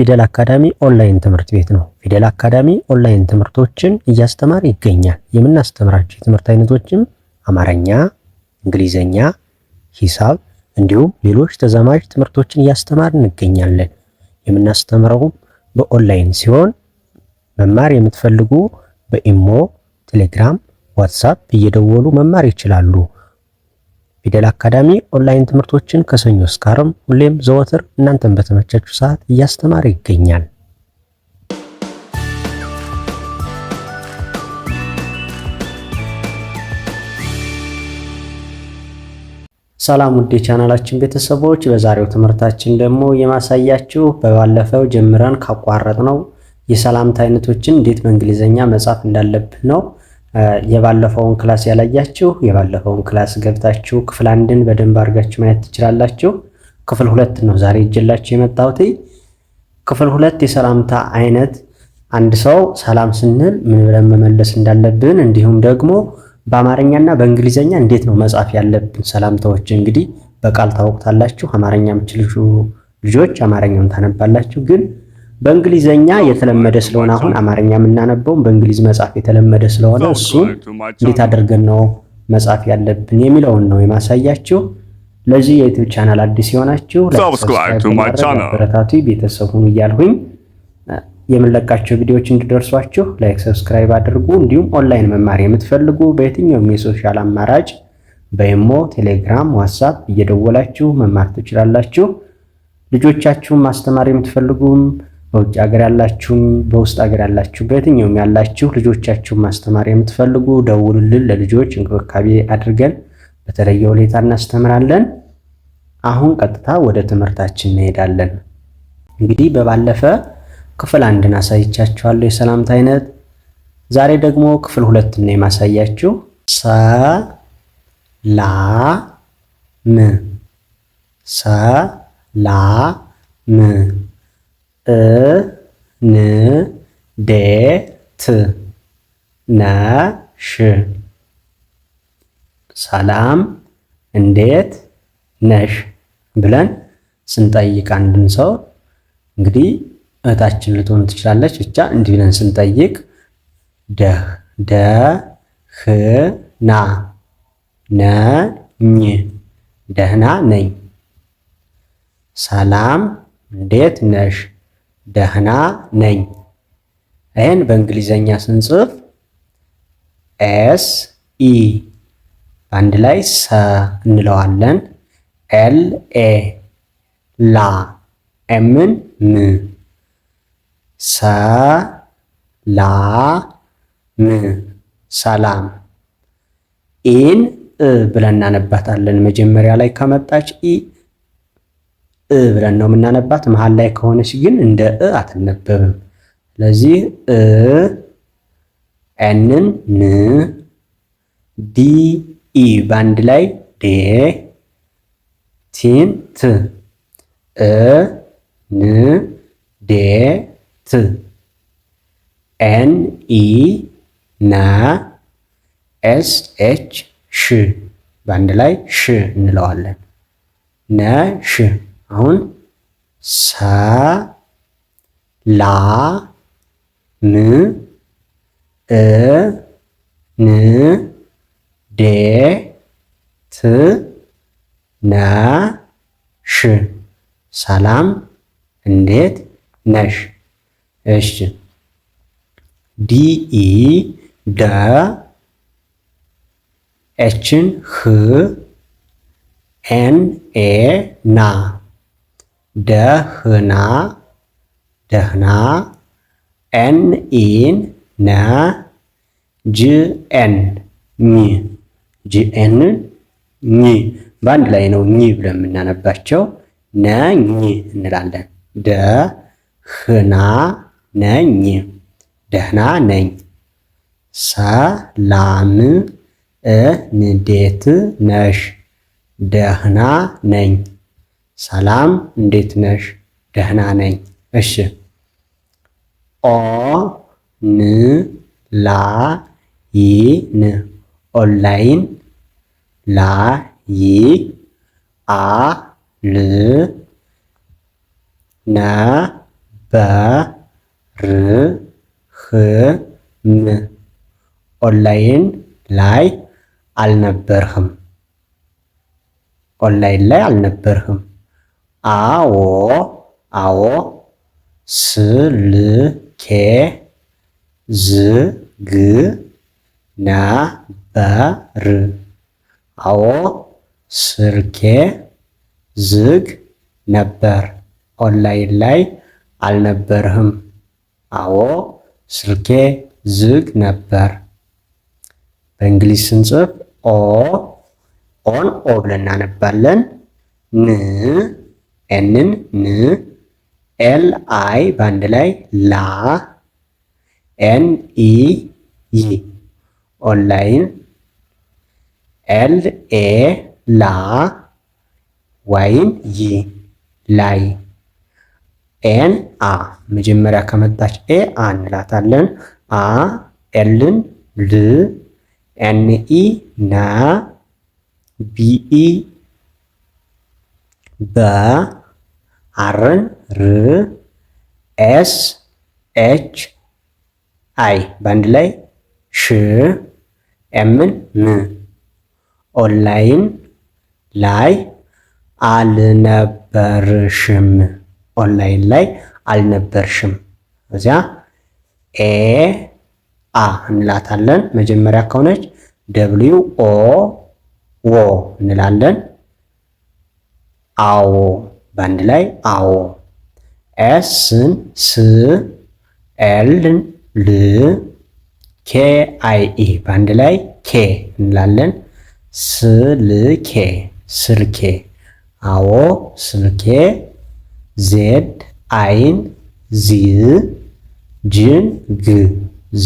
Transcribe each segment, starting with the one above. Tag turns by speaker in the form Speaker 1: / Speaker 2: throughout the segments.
Speaker 1: ፊደል አካዳሚ ኦንላይን ትምህርት ቤት ነው። ፊደል አካዳሚ ኦንላይን ትምህርቶችን እያስተማር ይገኛል። የምናስተምራቸው የትምህርት አይነቶችም አማርኛ፣ እንግሊዘኛ፣ ሂሳብ እንዲሁም ሌሎች ተዛማጅ ትምህርቶችን እያስተማር እንገኛለን። የምናስተምረውም በኦንላይን ሲሆን መማር የምትፈልጉ በኢሞ፣ ቴሌግራም፣ ዋትሳፕ እየደወሉ መማር ይችላሉ። ፊደል አካዳሚ ኦንላይን ትምህርቶችን ከሰኞ እስከ ዓርብ ሁሌም ዘወትር እናንተን በተመቻችሁ ሰዓት እያስተማረ ይገኛል። ሰላም ውድ የቻናላችን ቤተሰቦች፣ በዛሬው ትምህርታችን ደግሞ የማሳያችሁ በባለፈው ጀምረን ካቋረጥ ነው የሰላምታ አይነቶችን እንዴት በእንግሊዝኛ መጻፍ እንዳለብን ነው። የባለፈውን ክላስ ያላያችሁ የባለፈውን ክላስ ገብታችሁ ክፍል አንድን በደንብ አድርጋችሁ ማየት ትችላላችሁ። ክፍል ሁለት ነው ዛሬ እጅላችሁ የመጣሁት። ክፍል ሁለት የሰላምታ አይነት አንድ ሰው ሰላም ስንል ምን ብለን መመለስ እንዳለብን እንዲሁም ደግሞ በአማርኛና በእንግሊዘኛ እንዴት ነው መጻፍ ያለብን ሰላምታዎች እንግዲህ በቃል ታወቁታላችሁ። አማርኛ የምችሉ ልጆች አማርኛውን ታነባላችሁ። ግን በእንግሊዘኛ የተለመደ ስለሆነ አሁን አማርኛ የምናነበውም በእንግሊዝ መጽሐፍ የተለመደ ስለሆነ እሱን እንዴት አድርገን ነው መጽሐፍ ያለብን የሚለውን ነው የማሳያችሁ። ለዚህ የዩቲዩብ ቻናል አዲስ የሆናችሁ በረታቱ ቤተሰብ ሁኑ እያልሁኝ የምንለቃቸው ቪዲዮዎች እንዲደርሷችሁ ላይክ፣ ሰብስክራይብ አድርጉ። እንዲሁም ኦንላይን መማር የምትፈልጉ በየትኛውም የሶሻል አማራጭ በኢሞ፣ ቴሌግራም፣ ዋትሳፕ እየደወላችሁ መማር ትችላላችሁ። ልጆቻችሁን ማስተማር የምትፈልጉም በውጭ ሀገር ያላችሁም በውስጥ ሀገር ያላችሁ በየትኛውም ያላችሁ ልጆቻችሁን ማስተማር የምትፈልጉ ደውሉልን። ለልጆች እንክብካቤ አድርገን በተለየ ሁኔታ እናስተምራለን። አሁን ቀጥታ ወደ ትምህርታችን እንሄዳለን። እንግዲህ በባለፈ ክፍል አንድን አሳይቻችኋለሁ የሰላምታ አይነት። ዛሬ ደግሞ ክፍል ሁለት ነው የማሳያችሁ። ሰ ላ ም ሰ ላ ም ን ዴ ት ነሽ ሰላም እንዴት ነሽ ብለን ስንጠይቅ አንድን ሰው እንግዲህ እህታችን ልትሆን ትችላለች። ብቻ እንዲህ ብለን ስንጠይቅ ደህ ደህና ነኝ ደህና ነኝ። ሰላም እንዴት ነሽ ደህና ነኝ። ይህን በእንግሊዘኛ ስንጽፍ ኤስ ኢ በአንድ ላይ ሰ እንለዋለን። ኤል ኤ ላ ኤምን ም ሰ ላ ም ሰላም። ኢን እ ብለን እናነባታለን። መጀመሪያ ላይ ከመጣች ኢ እ ብለን ነው የምናነባት። መሀል ላይ ከሆነች ግን እንደ እ አትነበብም። ስለዚህ እ ኤንን ን ዲ ኢ በአንድ ላይ ዴ ቲን ት እ ን ዴ ት ኤን ኢ ና ኤስ ኤች ሽ በአንድ ላይ ሽ እንለዋለን። ነ ሽ አሁን ሰ ላ ም እ ን ዴ ት ነ ሽ ሰላም እንዴት ነሽ? እሺ ኢ ደ ኤችን ህ ኤን ኤ ና ደህና ደህና ኤን ኢን ነ ጂኤን ኝ ጂኤን ኝ በአንድ ላይ ነው ኝ ብለን የምናነባቸው ነኝ እንላለን። ደህና ነኝ ደህና ነኝ። ሰላም እንዴት ነሽ? ደህና ነኝ ሰላም እንዴት ነሽ? ደህና ነኝ። እሺ ኦ ን ላ ይ ን ኦንላይን ላ ይ አ ል ነ በ ር ህ ም ኦንላይን ላይ አልነበርህም። ኦንላይን ላይ አልነበርህም። አዎ አዎ ስልኬ ዝግ ነበር። አዎ ስልኬ ዝግ ነበር። ኦንላይን ላይ አልነበርህም። አዎ ስልኬ ዝግ ነበር። በእንግሊዝ ስንጽፍ ኦ ኦን ኦ ብለን እናነባለን። ን ኤንን ን ኤል አይ በአንድ ላይ ላ ኤን ኢ ይ ኦንላይን ኤል ኤ ላ ዋይን ይ ላይ ኤን አ መጀመሪያ ከመጣች ኤ አ እንላታለን። አ ኤልን ል ኤን ኢ ና ቢኢ በ አርን ር ኤስ ኤች አይ በአንድ ላይ ሽ ኤምን ም ኦንላይን ላይ አልነበርሽም ኦንላይን ላይ አልነበርሽም። እዚያ ኤ አ እንላታለን። መጀመሪያ ከሆነች ደብሊው ኦ ዎ እንላለን። አዎ በአንድ ላይ አዎ። ኤስን ስ ኤልን ል ኬ አይ ኢ በአንድ ላይ ኬ እንላለን። ስልኬ ስልኬ አዎ ስልኬ። ዜድ አይን ዚ ጅን ግ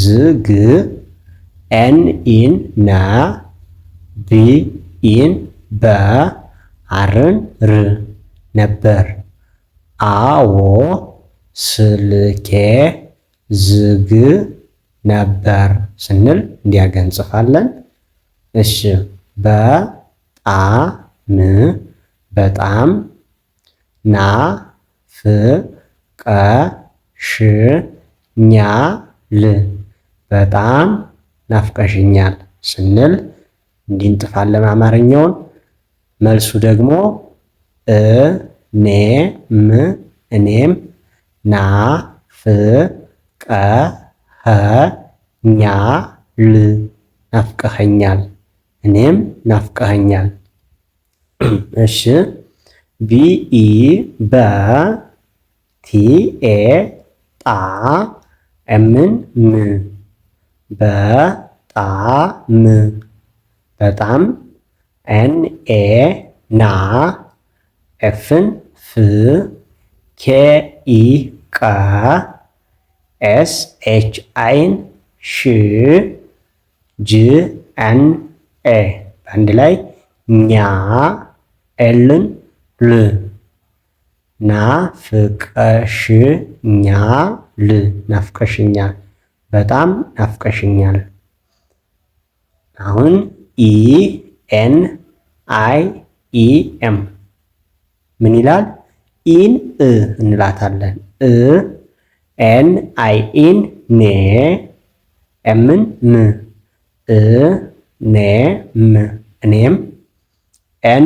Speaker 1: ዝ ግ ኤን ኢን ና ቢ ኢን በ አርን ር ነበር። አዎ ስልኬ ዝግ ነበር ስንል እንዲያገ እንጽፋለን። እሺ በጣም በጣም ናፍቀሽኛል በጣም ናፍቀሽኛል ስንል እንዲንጥፋለን እንጽፋለን አማርኛውን። መልሱ ደግሞ ም እኔም ና ፍ ቀ ኸ ኛ ል ናፍቀኸኛል እኔም ናፍቀኸኛል። እሺ ቢኢ በ ቲ ኤ ጣ ኤምን ም በጣም በጣም ኤንኤ ና ኤፍን ፍ ኢ ቃ ኤስ ኤች አይን ሽ ጅ ኤን ኤ በአንድ ላይ ኛ ኤልን ል ና ፍቀሽኛ ል ናፍቀሽኛል፣ በጣም ናፍቀሽኛል። አሁን ኢ ኤን አይ ኢ ኤም ምን ይላል? ኢን እ እንላታለን። እ ኤን አይ ኢን ኔ ኤምን ም እ ኔ ም እኔም ኤን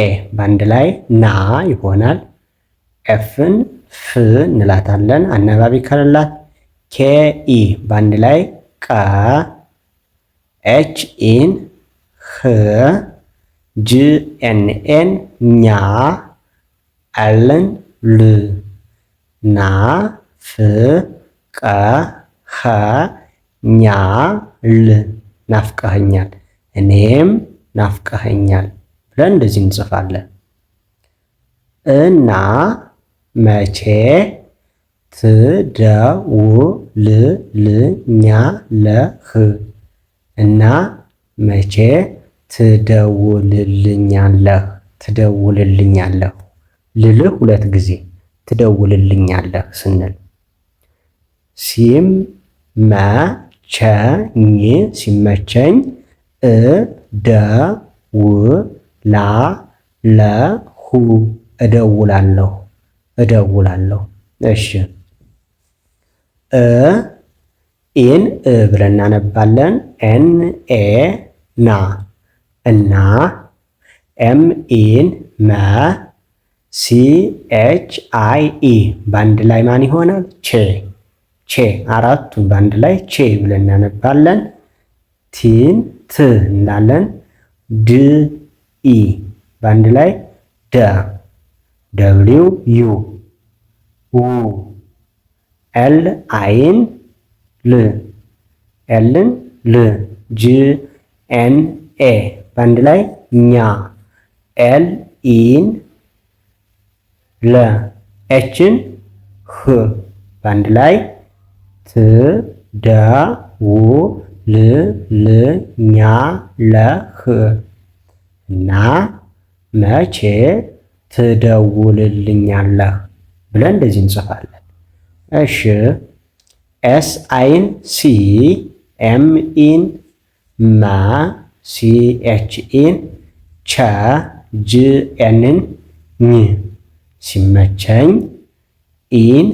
Speaker 1: ኤ በአንድ ላይ ና ይሆናል። ኤፍን ፍ እንላታለን። አናባቢ ከሌላት ኬ ኢ በአንድ ላይ ቀ ኤች ኢን ህ ጂ ኤን ኤን ኛ ኤልን ል ና ፍ ቀ ኸ ኛ ል ናፍቀኸኛል፣ እኔም ናፍቀኸኛል ብለን እንደዚህ እንጽፋለን። እና መቼ ትደውልልኛለህ? እና መቼ ትደውልልኛለህ? ትደውልልኛለህ ልልህ ሁለት ጊዜ ትደውልልኛለህ ስንል ሲም ኝ ሲመቸኝ እ ደ ው ላ ለ ሁ እደውላለሁ እደውላለሁ። እሺ እ ኤን እ ብለን እናነባለን። ኤን ኤ ና እና ኤም ኤን መ ሲ ኤች አይ ኢ በአንድ ላይ ማን ይሆናል? ቼ ቼ። አራቱ በአንድ ላይ ቼ ብለን እናነባለን። ቲን ት እንላለን። ድ ኢ በአንድ ላይ ደ ደብሊው ዩ ው ኤል አይን ል ኤልን ል ጅ ኤን ኤ በአንድ ላይ ኛ ኤል ኢን ለ ኤችን ህ በአንድ ላይ ት ደ ው ል ል ኛ ለ ህ እና መቼ ትደውልልኛለህ ብለን እንደዚህ እንጽፋለን። እሺ ኤስ አይን ሲ ኤም ኢን ማ ሲ ኤች ኢን ቸ ጅ ኤንን ኝ ሲመቸኝ ኢን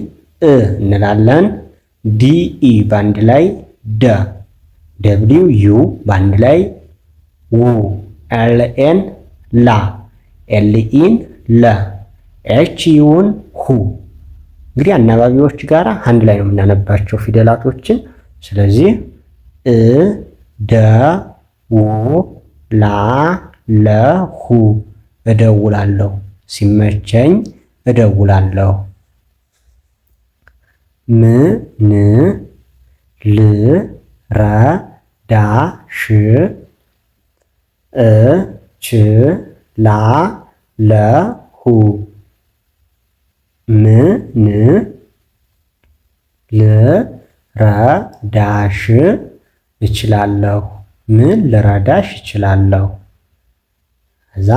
Speaker 1: እ እንላለን። ዲ ኢ ባንድ ላይ ደ ደብሊው ዩ ባንድ ላይ ው ኤልኤን ላ ኢን ለ ኤች ዩን ሁ እንግዲህ አናባቢዎች ጋር አንድ ላይ ነው የምናነባቸው ፊደላቶችን። ስለዚህ እ ደ ው ላ ለ ሁ እደውላለሁ ሲመቸኝ እደውላለሁ። ምን ልረዳሽ ረ ዳ ሽ እችላለሁ? ምን ልረዳሽ እችላለሁ? እዛ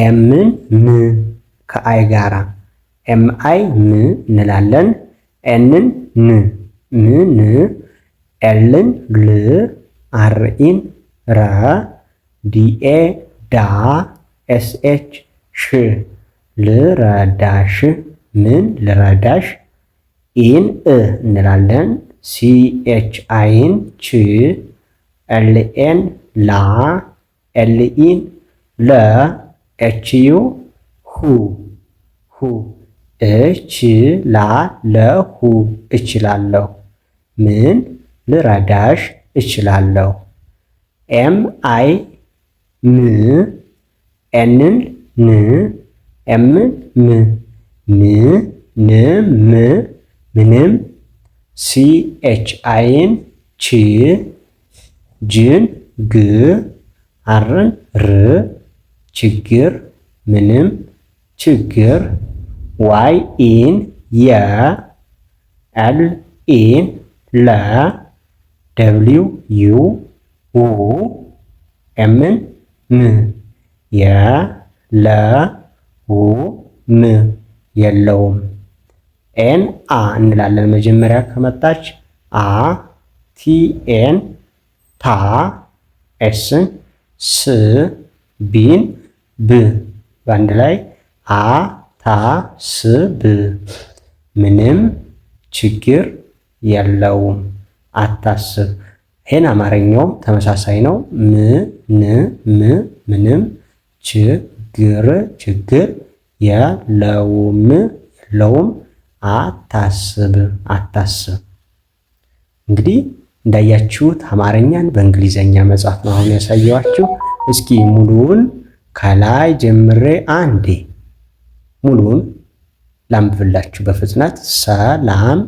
Speaker 1: ኤምን ም ከአይ ጋራ ኤም አይ ም እንላለን። ኤንን ን ም ን ኤልን ል አርኢን ረ ዲኤ ዳ ኤስኤች ሽ ልረዳሽ ምን ልረዳሽ ኢን እ እንላለን። ሲኤች አይን ች ኤልኤን ላ ኤልኢን ለ ኤችዩ ሁ ሁ እችላለሁ እችላለሁ ምን ልረዳሽ እችላለሁ ኤም አይ ም ኤንን ን ኤምን ም ም ምንም ሲ ኤች አይን ቺ ጅን ግ አርን ር ችግር ምንም ችግር ዋይ ኢን የ ኤል ኢን ለ ደብሊው ዩ ው ኤምን ም የ ለ ው ም የለውም። ኤን አ እንላለን። መጀመሪያ ከመጣች አ ቲ ኤን ታ ኤስን ስ ቢን ብ በአንድ ላይ አታስብ፣ ምንም ችግር የለውም፣ አታስብ። ይህን አማርኛውም ተመሳሳይ ነው። ምንም ምንም ችግር ችግር የለውም የለውም አታስብ አታስብ። እንግዲህ እንዳያችሁት አማርኛን በእንግሊዘኛ መጽሐፍ ነው አሁን ያሳየዋችሁ። እስኪ ሙሉውን ከላይ ጀምሬ አንዴ ሙሉውን ላንብብላችሁ በፍጥነት ሰላም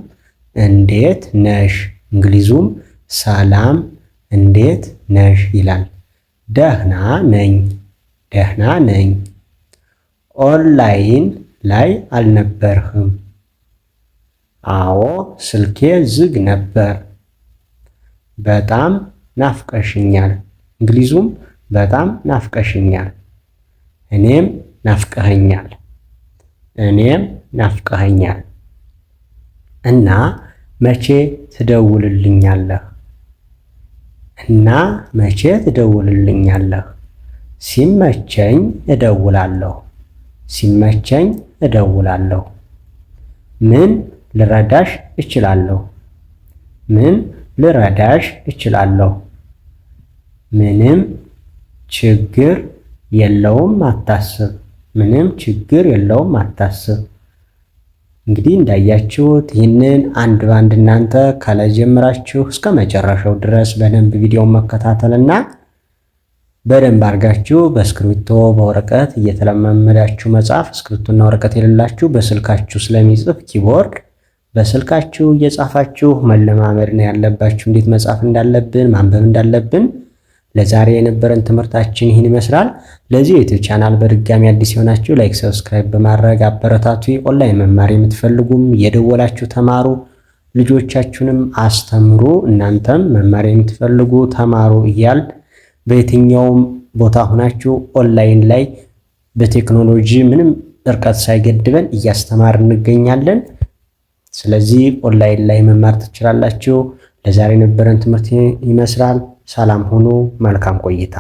Speaker 1: እንዴት ነሽ? እንግሊዙም ሰላም እንዴት ነሽ ይላል። ደህና ነኝ ደህና ነኝ። ኦንላይን ላይ አልነበርህም? አዎ ስልኬ ዝግ ነበር። በጣም ናፍቀሽኛል። እንግሊዙም በጣም ናፍቀሽኛል፣ እኔም ናፍቀኸኛል። እኔም ናፍቀኸኛል እና መቼ ትደውልልኛለህ እና መቼ ትደውልልኛለህ? ሲመቸኝ እደውላለሁ ሲመቸኝ እደውላለሁ። ምን ልረዳሽ እችላለሁ? ምን ልረዳሽ እችላለሁ? ምንም ችግር የለውም አታስብ ምንም ችግር የለውም፣ አታስብ። እንግዲህ እንዳያችሁት ይህንን አንድ በአንድ እናንተ ከላይ ጀምራችሁ እስከ መጨረሻው ድረስ በደንብ መከታተል መከታተልና በደንብ አድርጋችሁ በእስክሪብቶ በወረቀት እየተለማመዳችሁ መጻፍ። እስክሪብቶና ወረቀት የሌላችሁ በስልካችሁ ስለሚጽፍ ኪቦርድ በስልካችሁ እየጻፋችሁ መለማመድ ነው ያለባችሁ። እንዴት መጻፍ እንዳለብን ማንበብ እንዳለብን ለዛሬ የነበረን ትምህርታችን ይህን ይመስላል። ለዚህ ዩቲዩብ ቻናል በድጋሚ አዲስ የሆናችሁ ላይክ፣ ሰብስክራይብ በማድረግ አበረታቱ። ኦንላይን መማር የምትፈልጉም የደወላችሁ ተማሩ፣ ልጆቻችሁንም አስተምሩ። እናንተም መማር የምትፈልጉ ተማሩ እያል በየትኛውም ቦታ ሆናችሁ ኦንላይን ላይ በቴክኖሎጂ ምንም እርቀት ሳይገድበን እያስተማር እንገኛለን። ስለዚህ ኦንላይን ላይ መማር ትችላላችሁ። ለዛሬ የነበረን ትምህርት ይመስላል። ሰላም ሁኑ። መልካም ቆይታ